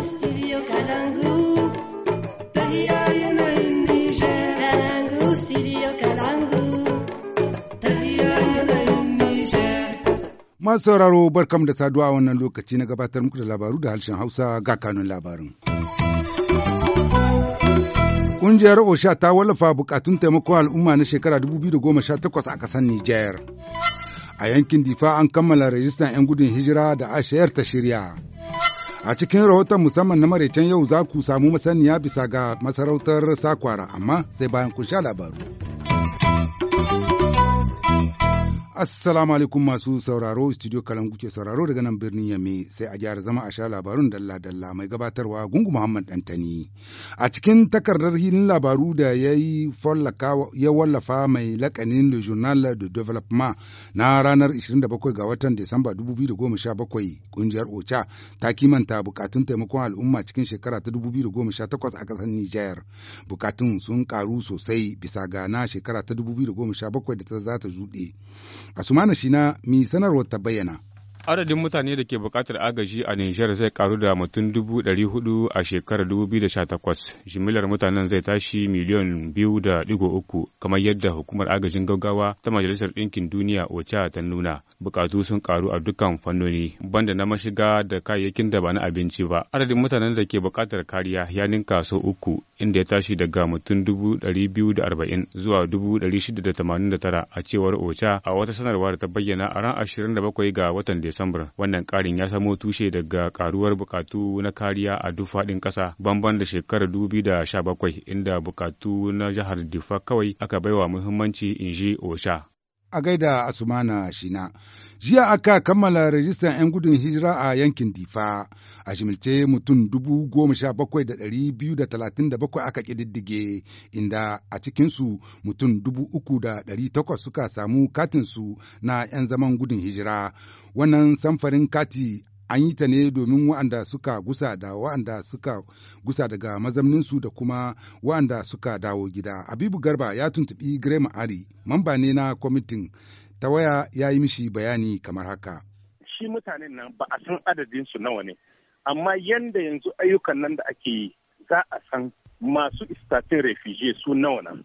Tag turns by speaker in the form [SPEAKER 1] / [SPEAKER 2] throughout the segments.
[SPEAKER 1] studio Kalangu.
[SPEAKER 2] Masu sauraro barkam da saduwa a wannan lokaci na gabatar muku da labaru da harshen Hausa ga kanun labarin. Ƙungiyar OSHA ta wallafa bukatun taimako al'umma na shekara 2018 a ƙasar Nijar. A yankin Difa an kammala rajistan 'yan gudun hijira da ashayar ta shirya. A cikin rahoton musamman na maraicen yau za ku samu masaniya bisa ga masarautar Sakwara amma sai bayan kun sha labaru. Assalamu alaikum masu sauraro studio kalangu ke sauraro daga nan birnin Yame sai a gyara zama a sha labarun dalla-dalla mai gabatarwa gungu Muhammad Dantani. A cikin takardar hilin labaru da ya yi ya wallafa mai lakanin Le Journal de développement, na ranar 27 ga watan Disamba 2017 kungiyar OCHA ta kimanta bukatun taimakon al'umma cikin shekara ta 2018 a kasar Nijar. Bukatun sun karu sosai bisa ga na shekara ta 2017 da ta za ta zuɗe. shi Shina mi sanarwar ta bayyana.
[SPEAKER 3] Adadin mutane da ke bukatar agaji a Nijar zai karu da mutum dubu ɗari hudu a shekarar dubu biyu da sha takwas. Jimillar mutanen zai tashi miliyan biyu da digo uku, kamar yadda hukumar agajin gaggawa ta Majalisar Ɗinkin Duniya OCHA ta nuna. bukatu sun karu a dukkan fannoni, banda na mashiga da kayayyakin da ba na abinci ba. Adadin mutanen da ke bukatar kariya ya ninka sau uku, inda ya tashi daga mutum dubu ɗari biyu da arba'in zuwa dubu ɗari shida da tamanin da tara a cewar OCHA a wata sanarwa da ta bayyana a ran ashirin da bakwai ga watan Disamba. Disambar. Wannan ƙarin ya samo tushe daga karuwar bukatu na kariya a duk faɗin ƙasa bamban da shekarar bakwai inda bukatu na jihar Difa kawai aka baiwa muhimmanci in ji Osha.
[SPEAKER 2] A gaida Asumana Shina. Jiya aka kammala rajistan 'yan gudun hijira a yankin Difa, a shimilce mutum dubu goma sha bakwai da ɗari biyu da talatin da bakwai aka ƙididdige, inda a cikinsu mutum dubu uku da ɗari takwas suka samu katinsu na 'yan zaman gudun hijira. Wannan samfarin kati an yi ta ne domin wa'anda suka gusa da wa'anda suka gusa daga mazamninsu da kuma wa'anda suka dawo gida. Habibu Garba ya tuntubi grema ari mamba ne na kwamitin ta waya ya yi mishi bayani kamar haka.
[SPEAKER 3] Shi mutanen nan ba a san adadinsu nawa ne, amma yanda yanzu ayyukan nan da ake yi za a san masu istafin refugee su nawa nan,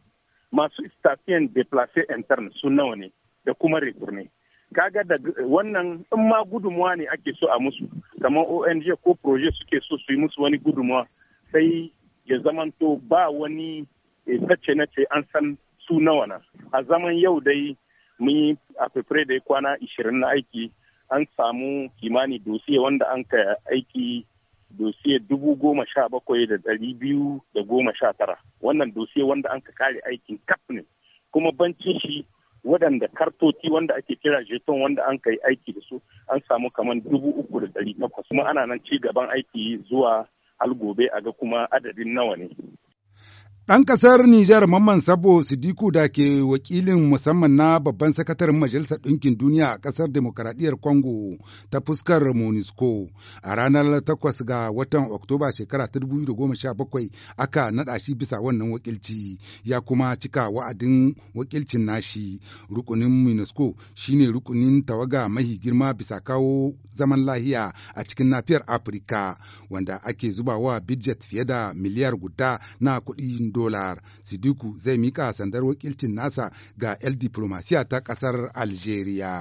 [SPEAKER 3] masu istafin deplace intern su nawa ne da kuma returne. Kaga da wannan in ma gudunmawa ne ake so a musu, kamar ONG ko proje suke so su yi musu wani gudunmawa sai ya zamanto ba wani tace na ce an san su nawa nan. A zaman yau dai mun yi a fefere da ya kwana ishirin na aiki an samu kimani dosiye wanda an ka aiki dosiye dubu goma sha bakwai da dari biyu da goma sha tara wannan dosiye wanda an ka kare aikin kaf ne kuma bancin shi waɗanda kartoti wanda ake kira jeton wanda an ka yi aiki da su an samu kamar dubu uku da dari takwas kuma ana nan ci gaban aiki zuwa algobe a ga kuma adadin nawa ne
[SPEAKER 2] Ɗan ƙasar Nijar Mamman Sabo Sidiku da ke wakilin musamman na babban sakataren Majalisar Ɗinkin Duniya a ƙasar Demokaradiyyar Kongo ta fuskar Monisco a ranar 8 ga watan Oktoba shekara 2017 aka naɗa shi bisa wannan wakilci ya kuma cika wa'adin wakilcin nashi. Rukunin Monisco shine rukunin tawaga mahi girma bisa kawo zaman lahiya a cikin nafiyar Afirka wanda ake zubawa bidjet fiye da miliyar guda na kuɗi dolar. Sidiku zai mika sandar wakilcin nasa ga 'yan diplomasiya ta kasar Algeria.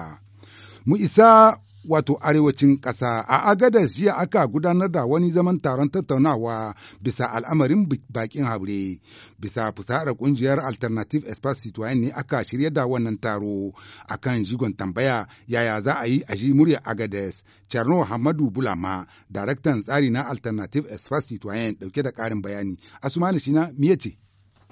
[SPEAKER 2] Mu isa wato arewacin ƙasa a agadar jiya aka gudanar da wani zaman taron tattaunawa bisa al'amarin bakin haure bisa fusahar kungiyar alternative espace situation ne aka shirya da wannan taro akan jigon tambaya yaya za a yi a ji murya agades charno hamadu bulama daraktan tsari na alternative espace situation dauke da ƙarin bayani asumani shina miye ce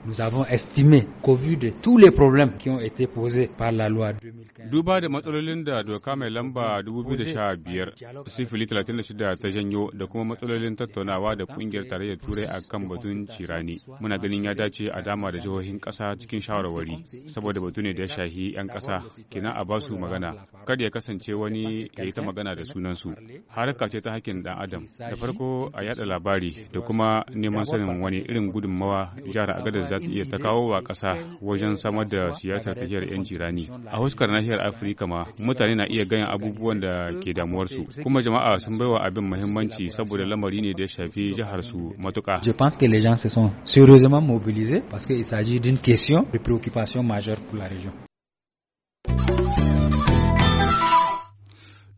[SPEAKER 2] Nous avons estimé qu'au vu de tous les problèmes qui ont été posés par
[SPEAKER 3] la loi 2015. Duba da matsalolin da doka mai lamba 2015 sifili 36 ta janyo da kuma matsalolin tattaunawa da kungiyar tarayyar turai a kan batun cirani. Muna ganin ya dace a dama da jihohin ƙasa cikin shawarwari saboda batu ne da ya shahi 'yan ƙasa kina a basu magana kada ya kasance wani ya yi ta magana da sunansu. Harka ce ta hakkin ɗan adam da farko a yada labari da kuma neman sanin wani irin gudunmawa jihar agadar za ta iya ta kawo wa ƙasa wajen samar da siyasar tafiyar 'yan jirani. A huskar nahiyar Afirka ma mutane na iya ganin abubuwan da ke damuwarsu kuma jama'a sun bai wa abin muhimmanci saboda lamari ne da ya shafi jihar su matuƙa.
[SPEAKER 4] Je pense que les gens se sont sérieusement mobilisés parce que il s'agit d'une question de préoccupation majeure pour la région.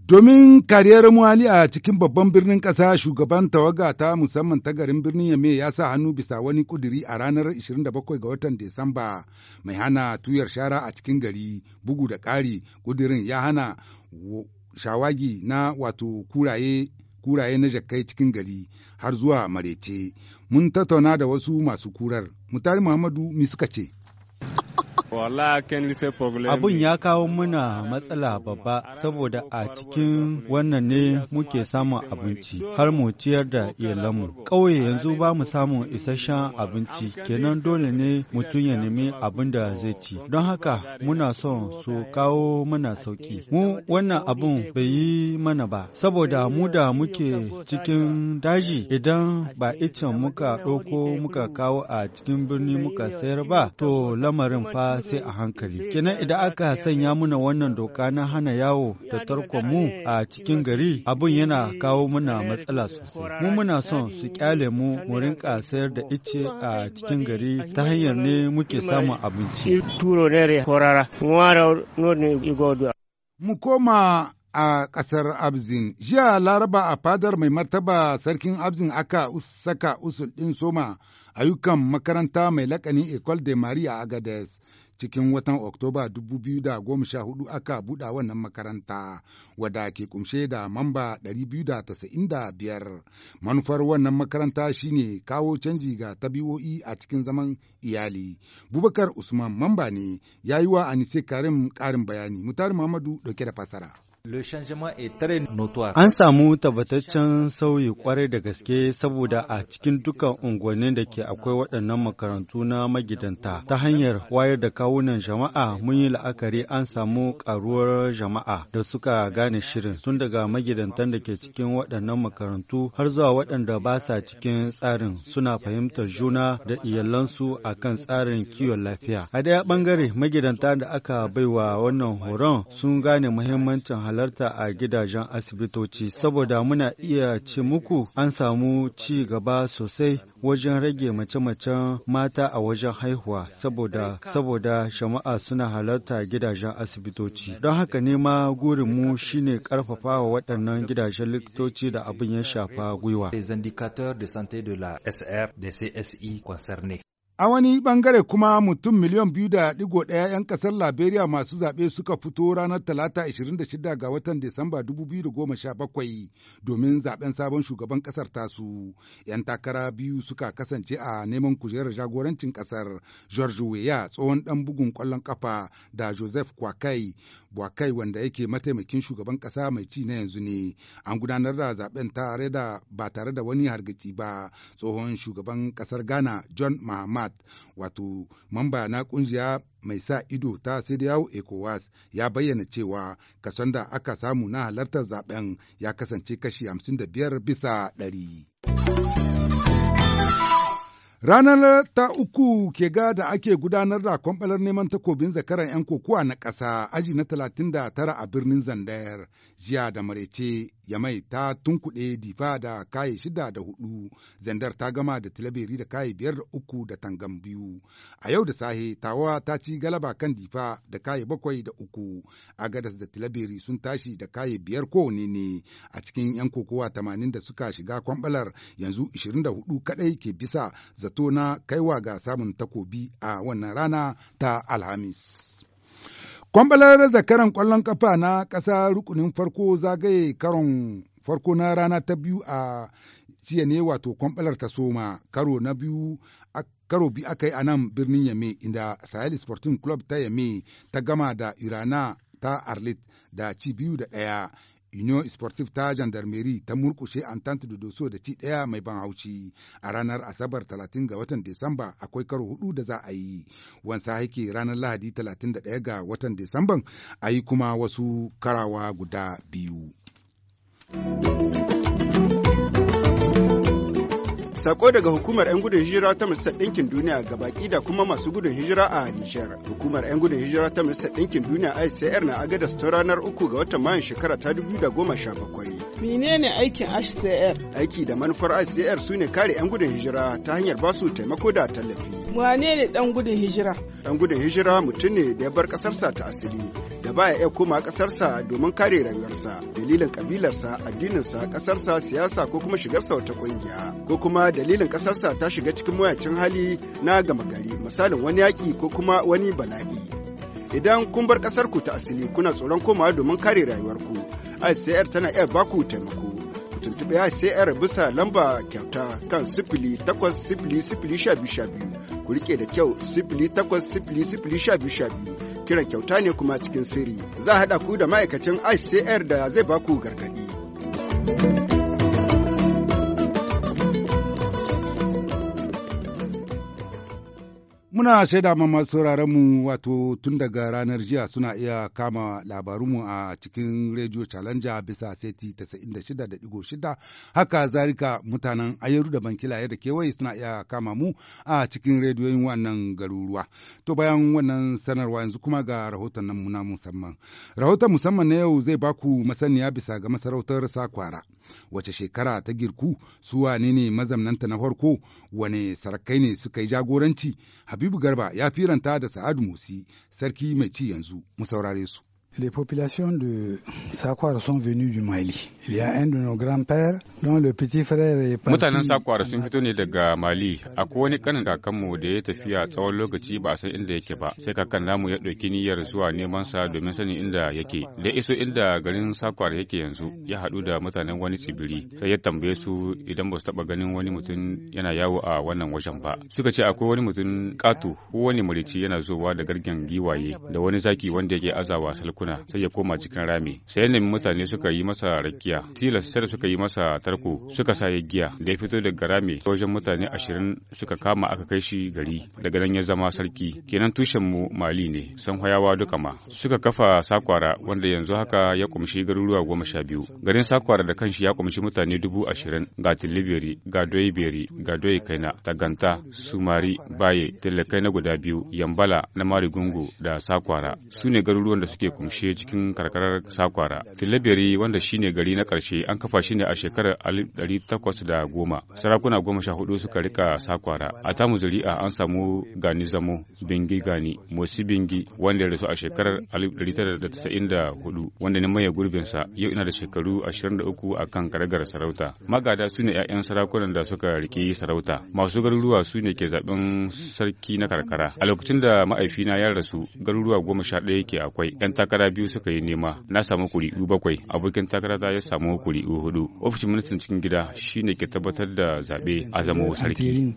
[SPEAKER 2] Domin kariyar muhalli a cikin babban birnin ƙasa shugaban tawaga ta musamman ta garin birnin Yame ya sa hannu bisa wani kuduri a ranar 27 ga watan Desamba mai hana tuyar shara a cikin gari bugu da ƙari kudirin ya hana shawagi na wato kuraye kuraye na jakkai cikin gari har zuwa marece mun tattauna da wasu masu kurar mutari muhammadu mi suka ce
[SPEAKER 3] Abun
[SPEAKER 4] ya kawo mana matsala babba saboda a cikin wannan ne muke samun abinci har mu ciyar da iyalanmu. Ƙauye yanzu ba mu samun isasshen abinci kenan dole ne mutum ya nemi abin da zai ci. Don haka muna son su kawo mana sauki Mu wannan abun bai yi mana ba saboda mu da muke cikin daji idan ba icen muka ɗauko muka kawo a cikin birni muka sayar ba to lamarin fa sai a hankali. Kenan idan aka sanya muna wannan doka na hana yawo da tarkon mu a cikin gari abun yana kawo muna matsala sosai. Mu muna son su kyale mu mu rinka da ice
[SPEAKER 2] a cikin gari ta hanyar ne muke samun abinci. Mu koma a ƙasar Abzin. Jiya Laraba a fadar mai martaba sarkin Abzin aka saka usul ɗin soma ayyukan makaranta mai lakanin Ecole de Marie a Agades. cikin watan Oktoba 2014 aka buɗa wannan makaranta wadda ke kumshe da mamba 295. Manufar wannan makaranta shine kawo canji ga tabiwo'i a cikin zaman iyali. Bubakar Usman mamba ne ya yi wa Anise Karim ƙarin bayani. Mutari Muhammadu ɗauke da fasara. An samu
[SPEAKER 4] tabbataccen sauyi kwarai da gaske saboda a cikin dukkan unguwannin da ke akwai waɗannan makarantu na magidanta ta hanyar wayar da kawunan jama'a mun yi la'akari an samu karuwar jama'a da suka gane shirin tun daga magidantan da ke cikin waɗannan makarantu har zuwa waɗanda ba sa cikin tsarin suna fahimtar juna da iyalansu a kan tsarin kiwon lafiya. A daya ɓangare magidanta da aka baiwa wannan horon sun gane muhimmancin halarta a gidajen asibitoci saboda muna iya ci muku an samu ci gaba sosai wajen rage mace-macen mata a wajen haihuwa saboda saboda jama'a suna halarta gidajen asibitoci don haka ne ma gurinmu shine wa waɗannan gidajen likitoci da abin ya shafa gwiwa
[SPEAKER 2] A wani bangare kuma mutum miliyan biyu da digo ɗaya 'yan ƙasar Liberia masu zaɓe suka fito ranar Talata 26 ga watan Disamba 2017 domin zaɓen sabon shugaban ƙasar tasu. 'Yan takara biyu suka kasance a neman kujerar jagorancin ƙasar George Weah tsohon ɗan bugun ƙwallon ƙafa da Joseph Kwakai Bwakai wanda yake mataimakin shugaban ƙasa mai ci na yanzu ne. An gudanar da zaɓen tare da ba tare da wani hargitsi ba tsohon shugaban ƙasar Ghana John Mahama ECOWAS wato mamba na kungiya mai sa ido ta sai ECOWAS ya bayyana cewa kason da aka samu na halartar zaben ya kasance kashi 55 bisa ɗari. Ranar ta uku ke ga da ake gudanar da kwamɓalar neman takobin zakaran 'yan kokowa na ƙasa aji na 39 a birnin Zandayar jiya da marece Yamai ta tunkuɗe difa da kaye shida da hudu Zandar ta gama da tilaberi da kaye biyar da uku da tangan biyu. A yau da sahe tawa ta ci galaba kan difa da kaye bakwai da uku a gadas da tilaberi sun tashi da kaye biyar kowane ne a cikin 'yan kokowa 80 da suka shiga kwamɓalar yanzu 24 kadai ke bisa zato na kaiwa ga samun takobi a wannan rana ta Alhamis. Kwambalar zakaran kwallon ƙafa na ƙasa rukunin farko zagaye karon farko na rana ta biyu a jiya ne wato kwambalar ta soma karo na biyu karo bi aka yi a nan birnin yame inda sahel sporting club ta yame ta gama da irana ta arlit da ci biyu da ɗaya union sportive ta gendarmerie ta murkushe entente da doso da ci ɗaya mai ban haushi a ranar asabar 30 ga watan desamba akwai karo hudu da za a yi wansa haike ranar lahadi 31 ga watan desamban a yi kuma wasu karawa guda biyu.
[SPEAKER 1] Sako daga hukumar 'yan gudun hijira ta Majalisar Ɗinkin Duniya ga baki da kuma masu gudun hijira a Nijar. Hukumar 'yan gudun hijira ta Majalisar Ɗinkin Duniya ICR na agadas su ranar uku ga watan Mayun shekara ta 2017. Menene aikin ICR? Aiki da manufar ICR sune kare 'yan gudun hijira ta hanyar ba su taimako da tallafi. Wane ne ɗan gudun hijira? Ɗan gudun hijira mutum ne da ya bar ƙasarsa ta asiri da baya iya koma kasarsa domin kare rayuwarsa. dalilin kabilarsa addininsa ƙasarsa, siyasa ko kuma shigarsa wata kungiya ko kuma dalilin ƙasarsa ta shiga cikin mayacin hali na gama gari misalin wani yaƙi ko kuma wani bala'i idan kun bar ƙasarku ta asali kuna tsoron komawa domin kare rayuwarku ICR tana iya baku taimako tuntuɓe ICR bisa lamba kyauta kan sifili takwas sifili sifili sha biyu sha biyu ku riƙe da kyau sifili takwas sifili sifili sha biyu sha biyu Kiran kyauta ne kuma cikin sirri. Za a haɗa ku da ma'aikacin ICR da zai baku gargaɗi.
[SPEAKER 2] Muna shaida ma masu mu wato tun daga ranar jiya suna iya kama labarunmu a cikin Radio Challenger bisa seti 96.6 haka zarika mutanen ayaru da bankila da kewaye suna iya kama mu a cikin rediyoyin wannan garuruwa. To bayan wannan sanarwa yanzu kuma ga rahoton nan muna musamman. Rahoton musamman na yau zai baku masaniya bisa ga masarautar Sakwara. wace shekara ta girku su wane ne mazamnanta na farko wane sarakai ne suka yi jagoranci habibu garba ya firanta da sa'adu musi sarki mai ci yanzu mu saurare su
[SPEAKER 4] Les populations de Sakwar sont venues du Mali. Il y a un de nos grands-pères dont le petit frère est parti. Mutanen Sakwar
[SPEAKER 3] sun fito ne daga Mali. Akwai wani kanin kakanmu da ya tafi a tsawon lokaci ba a san inda yake ba. Sai kakan namu ya ɗauki niyyar zuwa neman sa domin sanin inda yake. Da iso inda garin Sakwar yake yanzu ya haɗu da mutanen wani tsibiri. Sai ya tambaye su idan ba su taɓa ganin wani mutum yana yawo a wannan wajen ba. Suka ce akwai wani mutum ƙato ko wani marici yana zowa da gargen giwaye da wani zaki wanda yake azawa salko jakuna sai ya koma cikin rami sai nemi mutane suka yi masa rakiya tilas sai suka yi masa tarko suka sa ya giya da ya fito daga rami wajen mutane ashirin suka kama aka kai shi gari daga nan ya zama sarki kenan tushen mu mali ne san hayawa duka ma suka kafa sakwara wanda yanzu haka ya kumshi garuruwa goma sha biyu garin sakwara da kanshi ya kumshi mutane dubu ashirin ga tilibiri ga doyibiri ga doyi kaina taganta sumari baye tilakai na guda biyu yambala na marigungu da sakwara su ne garuruwan da suke kumshi rushe cikin karkarar Sakwara. Tilabiri wanda shine gari na karshe an kafa shi ne a shekarar 1810. Sarakuna goma sha hudu suka rika Sakwara. A tamu zuri'a an samu Gani Zamo, Bingi Gani, Mosi Bingi wanda ya rasu a shekarar 1994 wanda ne maye gurbinsa yau ina da shekaru 23 a kan karagar sarauta. Magada su ne 'ya'yan sarakunan da suka riƙe sarauta. Masu garuruwa su ne ke zaɓen sarki na karkara. A lokacin da ma'aifina ya rasu garuruwa goma sha ɗaya ke akwai 'yan takara takara biyu suka yi nema na samu kuri'u bakwai abokin takarata ya samu kuri'u hudu ofishin ministan cikin gida shine ke tabbatar da zaɓe a zama sarki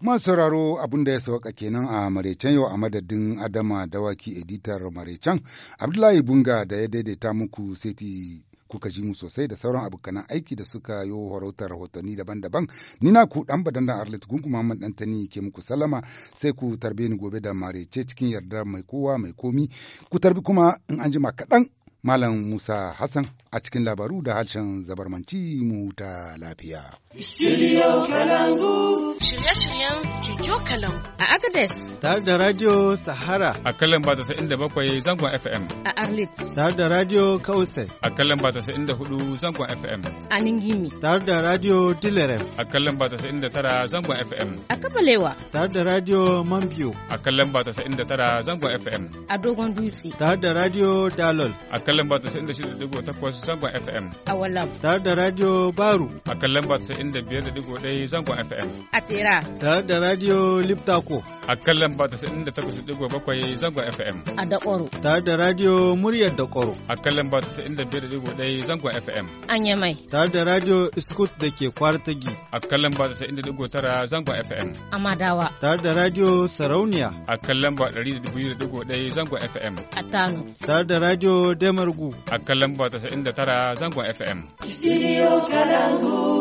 [SPEAKER 2] masu sauraro abin da ya sauka kenan a maraicen yau a madadin adama dawaki editar maraicen abdullahi bunga da ya daidaita muku seti kuka ji mu sosai da sauran abokanan aiki da suka yi harautar rahotanni daban-daban ni na ku dan badan da arlet gungu muhammad dantani ke muku salama sai ku tarbe ni gobe da marece cikin yarda mai kowa mai komi ku tarbi kuma in an jima kaɗan Malam Musa Hassan a cikin labaru da harshen zabarmanci mu ta lafiya.
[SPEAKER 4] Studio Kalangu. Shirye-shiryen Studio Kalangu. A Agadez.
[SPEAKER 3] Tare da Radio Sahara. A kalan ba da bakwai zangon FM. A Arlit. Tare da Radio Kausai. A kalan ba da hudu zangon FM. A Ningimi. Tare da Radio Dilerem. A kalan ba da tara zangon FM. A Kabalewa. Tare da
[SPEAKER 4] Radio Mambiyo.
[SPEAKER 3] A kalan ba da tara zangon FM. A Dogon Dutse.
[SPEAKER 4] Tare da Radio Dalol.
[SPEAKER 3] A kan lamba 96.8 zangon FM.
[SPEAKER 4] A Wallam. Tare da Radio Baru.
[SPEAKER 3] A kan lamba 95.1 zangon FM. A Tera. Tare da Radio Liptako. A kan lamba 98.7 zangon FM. A Dakoro. Tare da
[SPEAKER 4] Radio Muryar Dakoro.
[SPEAKER 3] A kan lamba 95.1 zangon FM. A Nyamai. Tare da Radio Scoot da ke Kwartagi. A kan lamba 99.9 zangon FM.
[SPEAKER 4] A Madawa. Tare da Radio Sarauniya.
[SPEAKER 3] A kan lamba 102.1 zangon FM. A
[SPEAKER 4] Tano. Tare da Radio Dema Marugu
[SPEAKER 3] a kan lamba 99 zangon FM. Studio Kalangu.